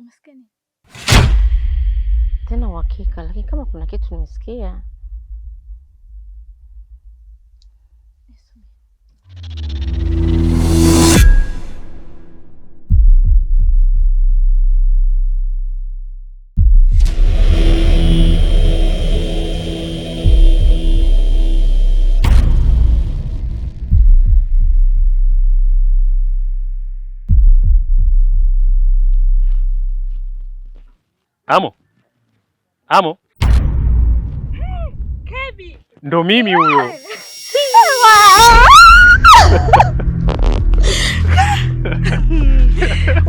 umaskini tena uhakika, lakini kama kuna kitu nimesikia Amo, Amo, Kebi ndo mimi huyo.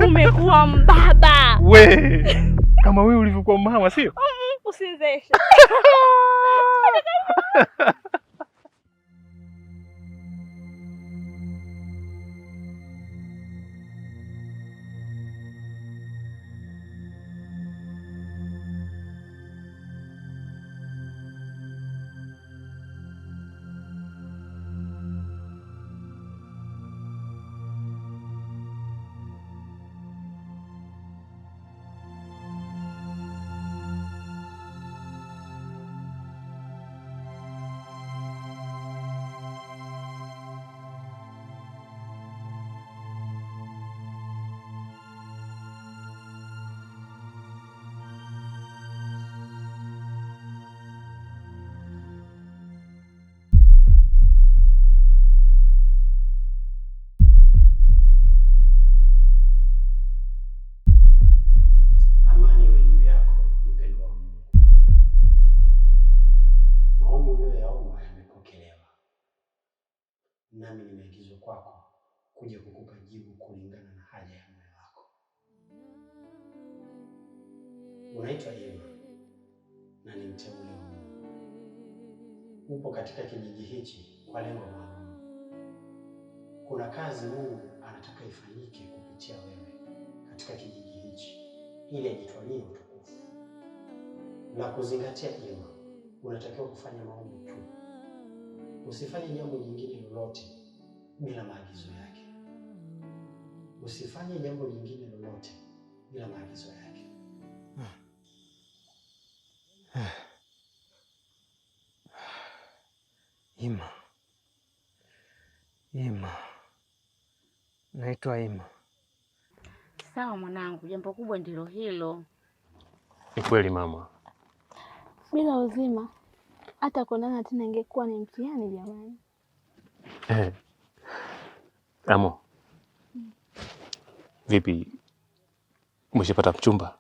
Umekuwa mbaba we, kama wewe ulivyokuwa mama, sio? Um, usinzeshe mteule Upo katika kijiji hichi kwa lengo maalum. Kuna kazi Mungu anataka ifanyike kupitia wewe katika kijiji hichi, ili ajitwalie utukufu na kuzingatia jema. Unatakiwa kufanya maombi tu, usifanye jambo jingine lolote bila maagizo yake. Usifanye jambo jingine lolote bila maagizo yake. Naitwa Ima. Sawa mwanangu, jambo kubwa ndilo hilo. Ni kweli mama, bila uzima hata kuonana tena ingekuwa ni mtihani jamani. Eh. Amo, hmm. Vipi, umeshapata mchumba?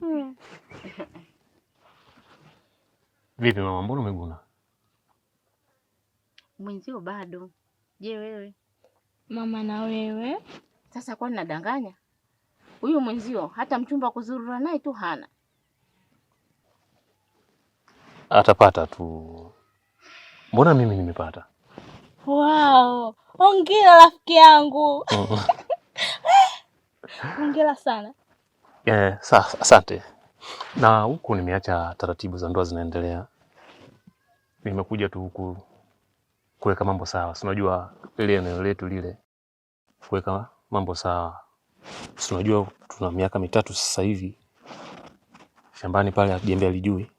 hmm. Vipi mama, mbona umeguna? Mwenzio bado. Je, wewe? Mama na wewe sasa, kwa nadanganya? Huyu mwenzio hata mchumba kuzurura naye tu hana, atapata tu. Mbona mimi nimepata? Wow, hongera rafiki yangu. Hongera sana. Eh, sasa asante. Na huku nimeacha taratibu za ndoa zinaendelea, nimekuja tu huku kuweka mambo sawa. Si unajua ile eneo letu lile kuweka mambo sawa. Si unajua tuna miaka mitatu sasa hivi shambani pale jembe alijui.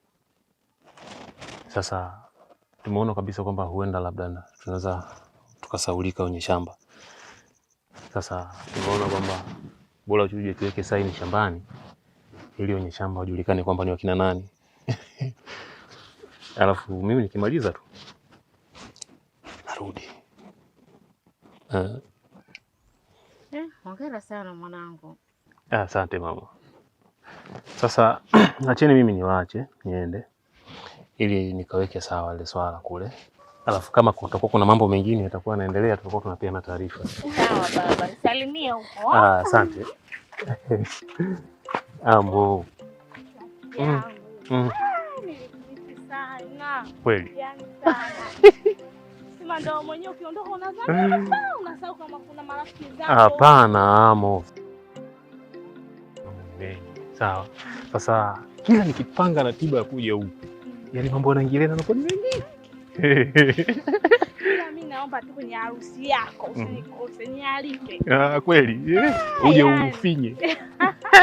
Sasa tumeona kabisa kwamba huenda labda tunaweza tukasaulika kwenye shamba. Sasa tumeona kwamba bora tuje tuweke saini shambani ili wenye shamba wajulikane kwamba ni wakina nani. Alafu mimi nikimaliza tu utarudi. Eh? Eh, hongera sana mwanangu. Asante mama. Sasa acheni mimi niwaache niende ili nikaweke sawa ile swala kule, alafu kama kutakuwa kuna mambo mengine yatakuwa yanaendelea, tutakuwa tunapeana taarifa. Sawa baba, salimia huko. Ah, asante ambo. Mm. Mm. Ah, Kweli. lazima ndio mwenyewe ukiondoka unazama eh. unasahau kama kuna marafiki zako. Hapana, amo. Eh, sawa. Sasa kila nikipanga ratiba ya kuja huku, yaani mambo yanaingilia na kwa nini? Mimi naomba tu kwenye harusi yako mm. usinikose, nialike. Ah, kweli. Eh, uje yaani. ufinye.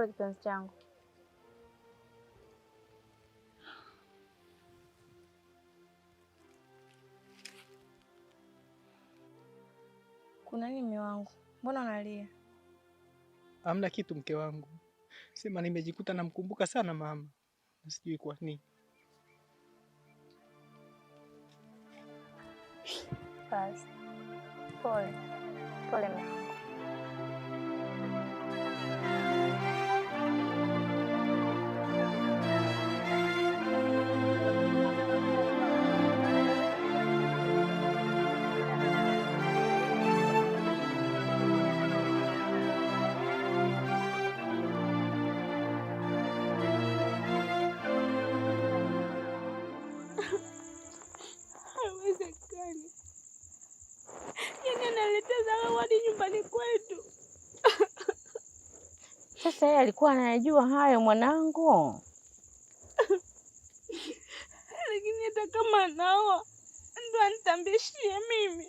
Pole kipenzi changu. Kuna nini mume wangu? Mbona unalia? Hamna kitu mke wangu, sema nimejikuta namkumbuka sana mama na sijui kwa nini. Basi. Pole. Pole mama. nyumbani kwetu. Sasa yeye alikuwa anayajua hayo mwanangu? Lakini hata kama naoa ndo anitambishie mimi.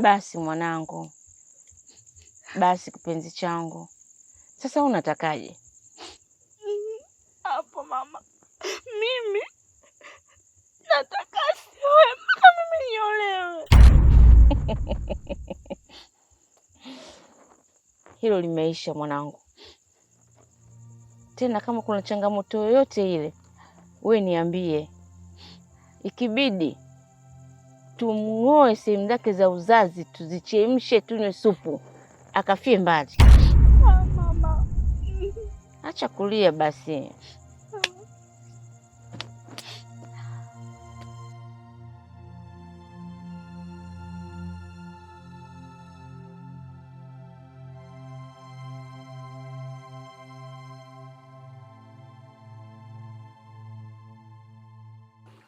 Basi mwanangu, basi kipenzi changu, sasa unatakaje hapo? Mama, mimi nataka sioe mpaka mimi niolewe. hilo limeisha mwanangu. Tena kama kuna changamoto yoyote ile, we niambie, ikibidi tumng'oe sehemu zake za uzazi, tuzichemshe, tunywe supu, akafie mbali. Ah, acha kulia basi.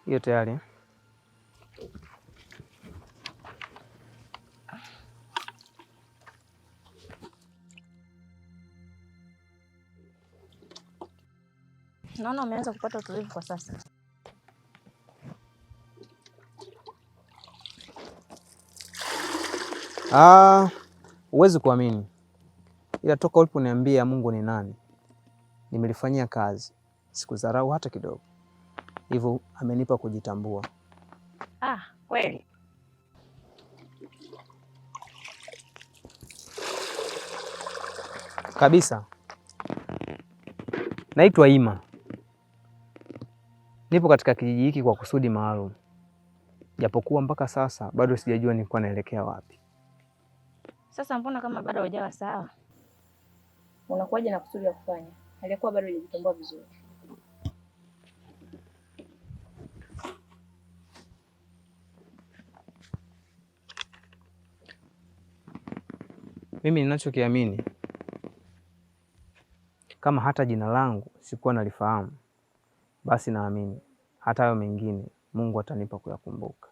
hiyo tayari eh? naona umeanza kupata utulivu kwa sasa. Ah, huwezi kuamini, ila toka ulipo niambia Mungu ni nani, nimelifanyia kazi, sikudharau hata kidogo hivyo amenipa kujitambua. Ah, kweli kabisa. Naitwa Ima, nipo katika kijiji hiki kwa kusudi maalum, japokuwa mpaka sasa bado sijajua nilikuwa naelekea wapi. Sasa mbona kama bado hujawa sawa? Unakuwaje na kusudi ya kufanya aliyekuwa bado hujajitambua vizuri? Mimi ninachokiamini, kama hata jina langu sikuwa nalifahamu, basi naamini hata hayo mengine Mungu atanipa kuyakumbuka.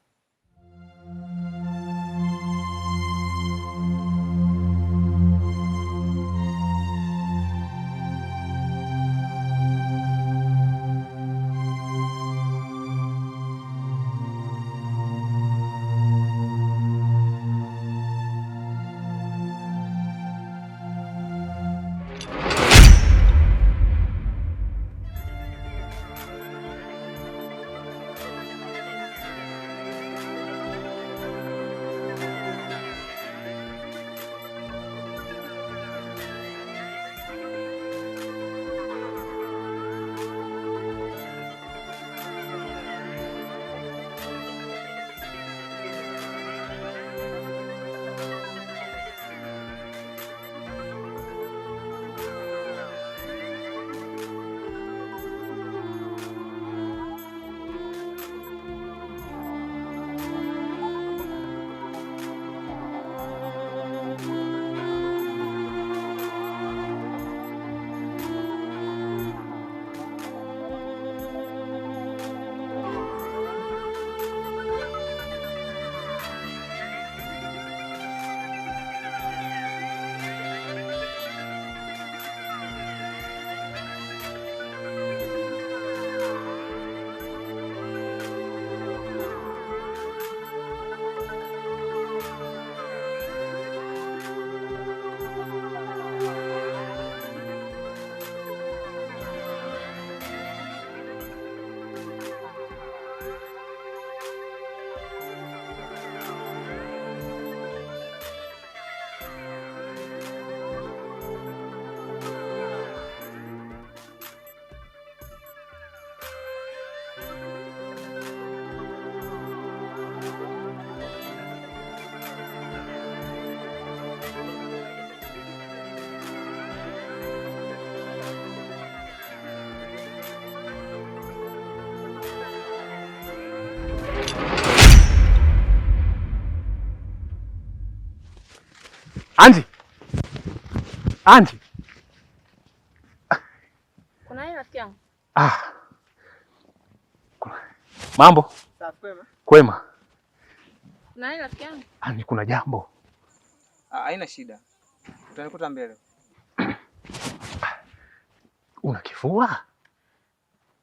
Anji. Anji. Kuna nini rafiki yangu? Ah. Mambo? Sawa kwema. Kwema. Kuna nini rafiki yangu? Ah, ni kuna jambo. Ah, haina shida. Utanikuta mbele. Una kifua?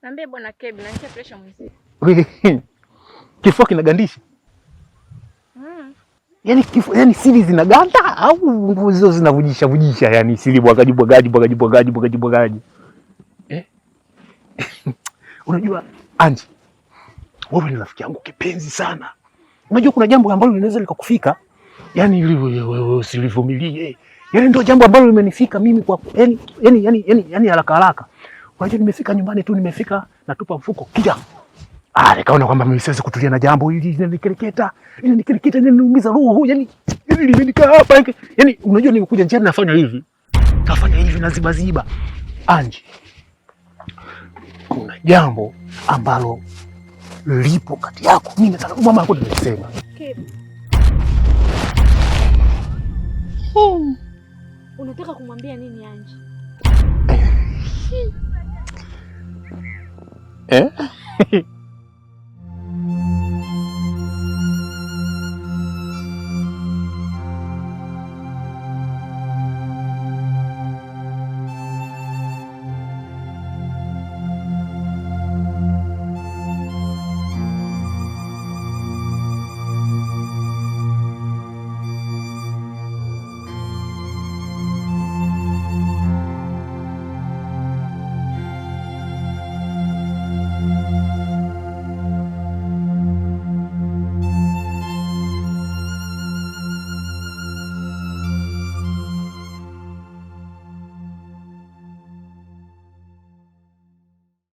Niambie bwana Kebi, na nisha pressure mzee. Kifua kinagandisha yani, yani siri zinaganda au nguvu zio zinavujisha vujisha, yani siri bwagaji bwagaji bwagaji bwagaji bwagaji bwagaji eh? Unajua Anji, wewe ni rafiki yangu kipenzi sana. Unajua kuna jambo ambalo linaweza likakufika, yani wewe usilivumilie. Yani ndio jambo ambalo limenifika mimi kwa yani yani yani yani yaani haraka haraka. Unajua nimefika nyumbani tu, nimefika natupa mfuko kia Ah, nikaona kwamba mimi siwezi kutulia na jambo hili, linanikereketa, linanikereketa, linaniumiza roho. Yaani, yaani nimenikaa hapa. Yaani unajua nimekuja njiani nafanya hivi. Nafanya hivi na ziba ziba. Anji. Kuna jambo ambalo lipo kati yako. Mimi nataka mama yako nimesema. Hmm. Unataka kumwambia nini Anji? Eh? eh?